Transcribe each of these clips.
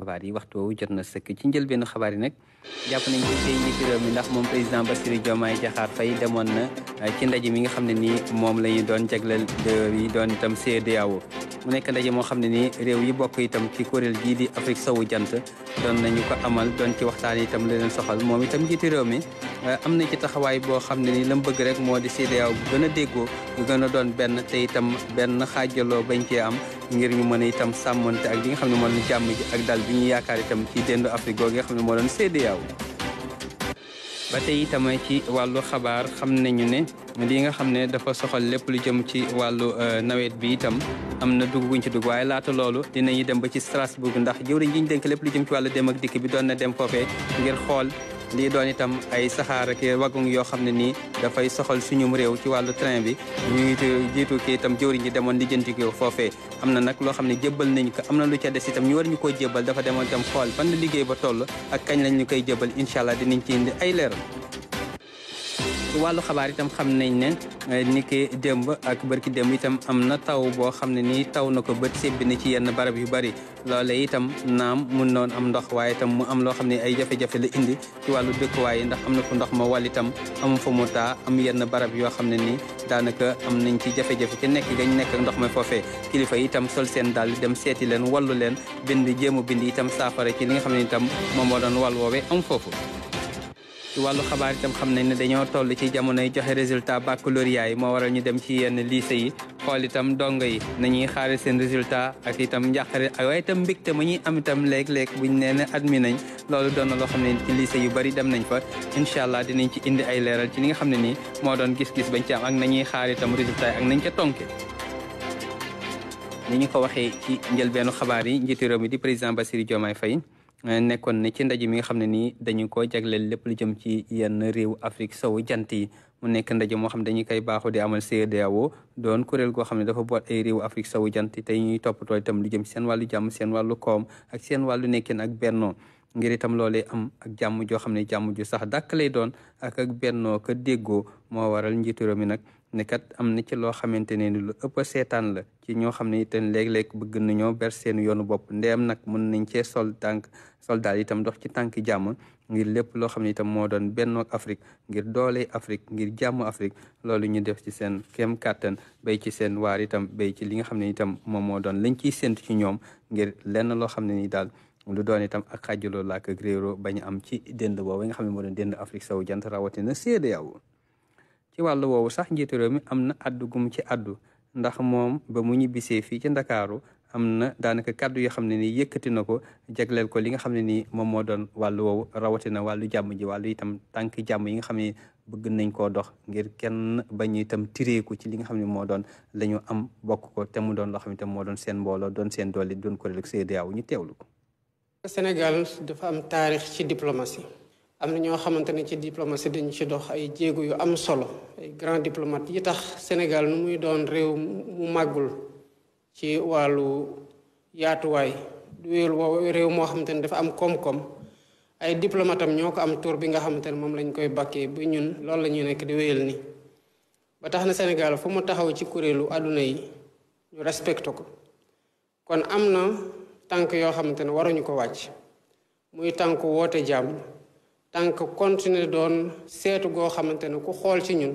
xabaar yi waxtu woowu jot na sëkk ci njëlbeenu xabaar yi nag jàpp nañ ko tey mi ndax moom président Bassirou Diomaye Diakhar Faye demoon na eh, ci ndaje mi nga xam ne nii moom la ñu doon jagleel yi doon itam CEDEAO mu nekk ndaje moo xam ne ni réew yi bokk itam ci kuréel gii di Afrique sowu jant doon nañu ko amal doon ci waxtaan itam li leen soxal moom itam njiitu réew mi eh, am na ci taxawaay boo xam ne nii la mu bëgg rek moo di CEDEAO bu gën a déggoo bu gën a doon benn te itam benn xaajaloo bañ cee am ngir ñu mën a itam sàmmonte ak ak dal bi ñuy yaakaar itam ci dendu Afrique googu nga xam ne moo doon CEDEAO ba tey itam ci wàllu xabaar xam nañu ne li nga xam ne dafa soxal lépp lu jëm ci wàllu euh, nawet bi itam am na dugg guñ ci dugg waaye laata loolu dinañu dem ba ci Strasbourg ndax jëwriñ ji ñu dénk lépp lu jëm ci wàllu dem ak dikk bi doon na dem foofee ngir xool. lii doon itam ay saxaar ak wagon yoo xam ne nii dafay soxal suñum réew ci wàllu train bi ñu jiitu ki itam jëwriñ ji demoon lijjanti ko foofee am na nag loo xam ne jébbal nañ ko am na lu ca des itam ñu war ñu koo jébbal dafa demoon itam xool fan la liggéey ba toll ak kañ lañ ñu koy jébbal incha allah dinañ ci indi ay leer wàllu xabaar itam xam nañ ne eh, ni ki démb ak bërki demb itam am na taw boo xam ne nii taw na ko bët sébbi na ci yenn barab yu bari loole itam naam mun noon am ndox waaye itam mu am loo xam ne ay jafe-jafe la indi ci wàllu dëkkuwaay ndax am na fu ndox ma wàll itam am fa mu taa am yenn barab yoo xam ne nii daanaka am nañ ci jafe-jafe ci nekk gañ nekk ndox ma foofee kilifa yitam sol seen daal dem seeti leen wallu leen bind jéem a bind itam saafara ci li nga xam ne itam moom moo doon wàll woowee am foofu ci wàllu xabaar itam xam nañ ne dañoo toll ci jamonoy joxe résultat baccalauréat yi moo waral ñu dem ci yenn liise yi xool itam dongo yi nañuy xaare seen résultat ak itam njàqare waaye itam mbégte mu ñuy am itam léeg-léeg buñ nee ne admis nañ loolu doon loo xam ne ci yu bëri dem nañ fa incha allah dinañ ci indi ay leeral ci li nga xam ne nii moo doon gis-gis bañ ci am ak nañuy xaar itam résultat yi ak nañ ca tonke ni ñu ko waxee ci njëlbeenu xabaar yi njiitu réew di président Bassirou Diomaye Faye nekkoon na ci ndaje mi nga xam ne nii dañu ko jagleel lépp lu jëm ci yenn réew Afrique sowu jant yi mu nekk ndaje moo xam dañu koy baaxu di amal CEDEAO doon kuréel goo xam ne dafa boot ay réew Afrique sowu jant yi te ñuy toppatoo itam lu jëm ci seen wàllu jàmm seen wàllu koom ak seen wàllu nekkin ak bennoo ngiritam itam loolee am ak jàmm joo xam ne jàmm ju sax dakk lay doon ak ak bennoo ko déggoo moo waral njiitu mi nag ne am na ci loo xamante ne ni lu ëpp seetaan la ci ñoo xam ne itam léeg-léeg bëgg nañoo ber seen yoonu bopp ndeem nag mën nañ cee sol tànk soldaat itam ci tànk jàmm ngir lépp loo xam ne itam moo doon bennoog Afrique ngir doole Afrique ngir jàmm Afrique loolu ñu def ci seen kéem kàttan bay ci seen waar itam béy ci li nga xam ne itam moom moo doon lañ ciy séntu ci ñoom ngir lenn loo xam ne ni daal lu doon itam ak xàjjaloo laak ak réeroo bañ am ci dénd boobu nga xam ne moo doon dénd Afrique sowu jant rawatina CEDEAO ci wàllu woowu sax njiitu réew mi am na addu ci addu ndax moom ba mu ñibbisee fii ci ndakaaru am na daanaka kàddu yoo xam ne nii yëkkati na ko jegleel ko li nga xam ne nii moom moo doon wàllu woowu rawatina wàllu jàmm ji wàllu itam tànk jàmm yi nga xam ne bëgg nañ koo dox ngir kenn bañ itam tireeku ci li nga xam ne moo doon la am bokk ko te mu doon loo xam ne moo doon seen mbooloo doon seen doole doon kuréel ak CEDEAO ñu teewlu ko. Sénégal dafa am taarix ci am na ñoo xamante ne ci diplomatie dañ ci dox ay jéego yu am solo ay grand diplomate yi tax sénégal nu muy doon réew mu màggul ci wàllu yaatuwaay réew réew moo xamante ne dafa am koom-koom ay diplomatam ñoo ko am tour bi nga xamante ne moom lañ koy bàkkee ba ñun loolu la ñuy nekk di wéyal ni ba tax na sénégal fu mu taxaw ci kuréelu àdduna yi ñu respecte ko kon am na tànk yoo xamante ne waruñu ko wàcc muy tànk woote jàmm tànk continuer doon seetu goo xamante ne ku xool ci ñun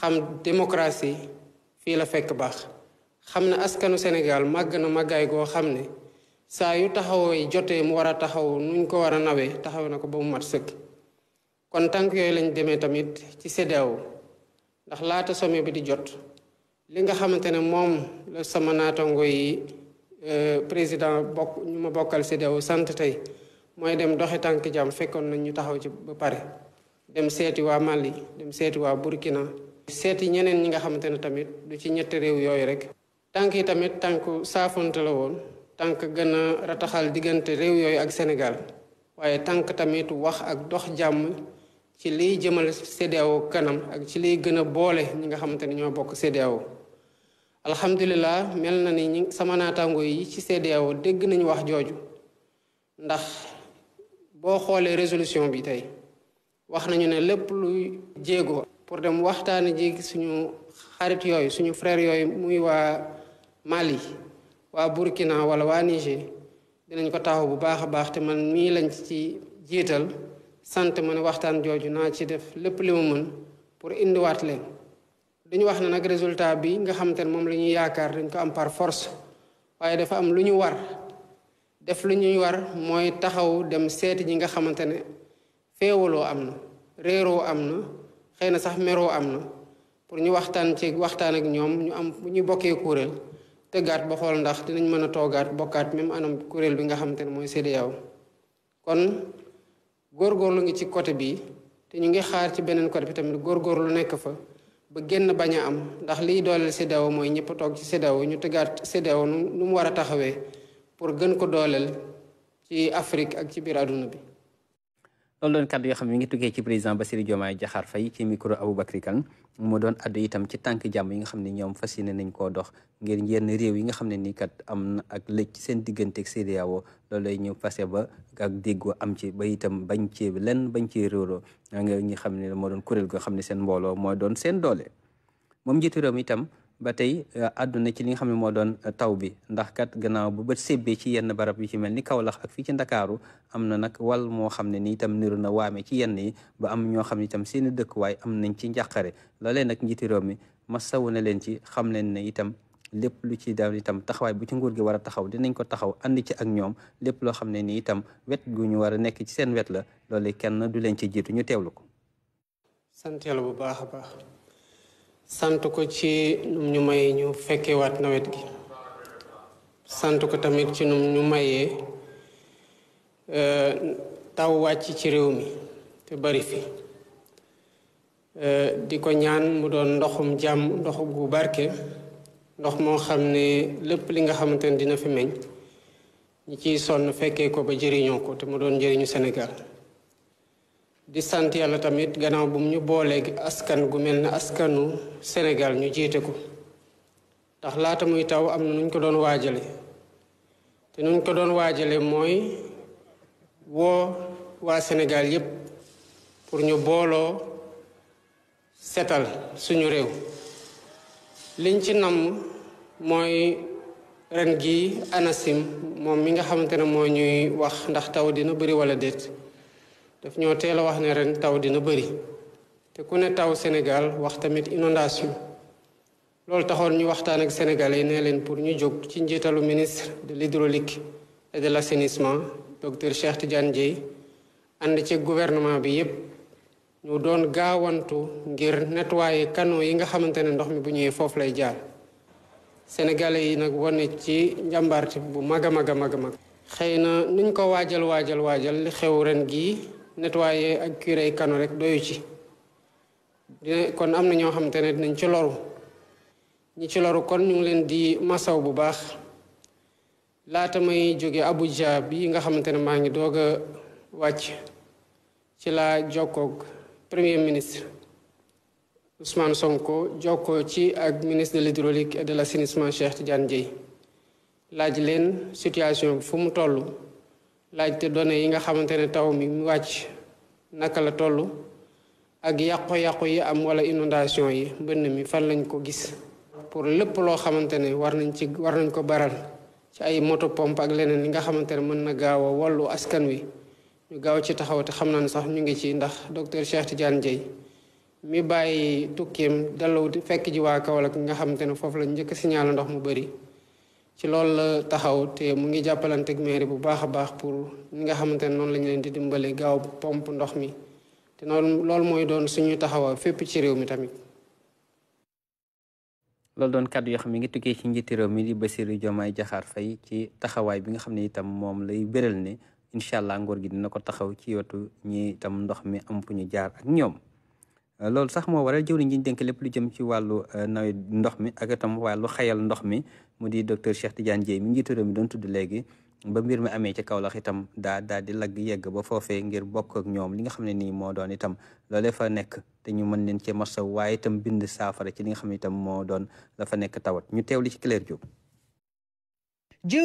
xam démocratie fii la fekk baax xam ne askanu Sénégal màgg na màggaay goo xam ne saa yu taxawee jote mu war a taxaw nuñ ko war a nawee taxaw na ko ba mu mat sëkk kon tànk yooyu lañ demee tamit ci CEDEAO ndax laata some bi di jot li nga xamante ne moom la sama naatango yi euh, président bokk ñu ma bokkal CEDEAO sant tey mooy dem doxi tànk jam fekkoon nañ ñu taxaw ci ba pare dem seeti waa Mali dem seeti waa Burkina seeti ñeneen ñi nga xamante ne tamit du ci ñetti réew yooyu rek tànk yi tamit tànk saafonte la woon tànk gën a rataxal diggante réew yooyu ak Sénégal waaye tànk tamit wax ak dox jàmm ci liy jëmal kanam ak ci liy gën a boole ñi nga xamante ne ñoo bokk CEDEAO alhamdulilah mel na ni sama naataango yi ci CEDEAO dégg nañu wax jooju ndax boo xoolee résolution bi tey wax nañu ne lépp luy jéego pour dem waxtaani ji suñu xarit yooyu suñu frère yooyu muy waa Mali waa Burkina wala waa Niger dinañ ko taxaw bu baax a baax te man mii lañ ci jiital sant ma ne waxtaan jooju naa ci def lépp li ma mën pour indiwaat leen dañu wax ne nag résultat bi nga xam te ne moom la ñuy yaakaar dañ ko am par force waaye dafa am lu ñu war def lu ñuy war mooy taxaw dem seeti ñi nga xamante ne féewaloo am na réeroo am na xëy na sax meroo am na pour ñu waxtaan ci waxtaan ak ñoom ñu am bu ñu bokkee kuréel tëggaat ba xool ndax dinañ mën a toggaat bokkaat même anam kuréel bi nga xamante ne mooy CEDEAO kon góor góor lu ngi ci côté bi te ñu ngi xaar ci beneen côté bi tamit lu nekk fa ba génn bañ a am ndax liy dooleel CEDEAO mooy ñëpp a toog ci CEDEAO ñu tëggaat CEDEAO nu mu war a taxawee pour gën ko dooleel ci Afrique ak ci biir àdduna bi. loolu doon kàddu yoo xam ne mi ngi tukkee ci président Bassirou Diomaye Diakhar Faye ci micro Aboubacry Kane moo doon addu itam ci tànk jàmm yi nga xam ne ñoom fas yéene nañ koo dox ngir yenn réew yi nga xam ne nii kat am na ak lëj seen diggante e ak CEDEAO loolu lay ñu fase ba ak déggoo am ci ba itam bañ ci lenn bañ ci réeroo nga ñi xam ne moo doon kuréel goo xam ne seen mbooloo moo doon seen doole moom njiitu itam. ba tey eh, àdduna ci li nga xam ne moo doon eh, taw bi ndax kat gannaaw ba bët sébbee ci yenn barab yi ci mel ni Kaolack ak fii ci Ndakaaru am na nag wal moo xam ne nii itam niru na waame ci yenn yi ba am ñoo xam ne itam seen i dëkkuwaay am nañ ci njàqare loolee nag réew mi masawu na leen ci xam leen ne itam lépp lu ci daal itam taxawaay bu ci nguur gi war a taxaw dinañ ko taxaw ànd ci ak ñoom lépp loo xam ne nii itam wet gu ñu war a nekk ci seen wet la loolu kenn du leen ci jiitu ñu teewlu ko. sant ko ci num ñu mayee ñu fekkewaat nawet gi sant ko tamit ci num ñu mayee euh, taw wàcc ci réew mi te bari fi euh, di ko ñaan mu doon ndoxum jàmm ndoxum gu barke ndox moo xam ne lépp li nga xamante ne dina fi meñ ñi ciy sonn fekkee ko ba jëriñoo ko te mu doon jëriñu senegal di sant yàlla tamit gannaaw bu ñu booleegi askan gu mel na askanu Sénégal ñu jiite ko ndax laata muy taw am na nuñ ko doon waajale te nuñ ko doon waajale mooy woo waa senegal yépp pour ñu booloo setal suñu réew liñ ci namm mooy ren gi ANACIM moom mi nga xamante ne moo ñuy wax ndax taw dina bëri wala déet def ñoo teel wax ne ren taw dina bëri te ku ne taw Sénégal wax tamit inondation loolu taxoon ñu waxtaan ak sénégalais ne leen pour ñu jóg ci njiitalu ministre de l'hydraulique et de l'assainissement docteur Cheikh Tidiane Dièye ànd ci gouvernement bi yépp ñu doon gaawantu ngir nettoyer canaux yi nga xamante ne ndox mi bu ñëwee foofu lay jaan sénégalais yi nag wane ci njàmbaarte bu mag a mag a mag mag xëy na nuñ ko waajal waajal waajal li xew ren gii nettoyé ak curé kano rek doyu ci kon am na ñoo xamante ne dinañ ci loru ñi ci loru kon ñu ngi leen di masaw bu baax laata may abuja bi nga xamante ne maa ngi doog a ci premier ministre Ousmane Sonko jokkoo ci ak ministre de l'hydraulique et de l'assainissement Cheikh Tidiane Dieye laaj leen situation fu mu tollu laajte données yi nga xamante ne taw mi mu wàcc naka la toll ak yàqu-yàqu yi am wala inondation yi mbënn mi fan lañ ko gis pour lépp loo xamante ne war nañ ci war nañ ko baral ci ay moto pompe ak leneen li nga xamante ne mën na gaaw a wallu askan wi ñu gaaw ci taxaw te xam naa ne sax ñu ngi ci ndax docteur ti Tidiane Dieye mi bàyyi tukkeem delloo fekk ji waa Kaolack nga xamante ne foofu lañ njëkk signaler ndox mu bari ci loolu la taxaw te mu ngi jàppalanteeg mairie bu baax a baax pour ñi nga xamante ne noonu lañu leen di dimbale gaaw pomp ndox mi te noonu loolu mooy doon suñu taxawa fépp ci réew mi tamit. loolu doon kàddu yoo mi ngi tukkee ci njiiti réew mi di Bassirou Diomaye jaxaar fay ci taxawaay bi nga xam ne itam moom lay béral ne incha allah nguur gi dina ko taxaw ci yotu ñi itam ndox mi am fu ñu jaar ak ñoom. loolu sax moo waral jëwriñ ji ñu dénk lépp lu jëm ci wàllu euh, nawet ndox mi ak itam wàllu xayal ndox mi mu di docteur Cheikh Tidiane Dièye mi njiitu réew mi doon tudd léegi ba mbir mi amee ci Kaolack itam daa daal di lagg yegg ba foofee ngir bokk ak ñoom li nga xam ne nii moo doon itam loolee fa nekk te ñu mën leen cee masaw waaye itam bind saafara ci li nga xam itam moo doon lafa nekk tawat ñu teew li ci Claire Diop.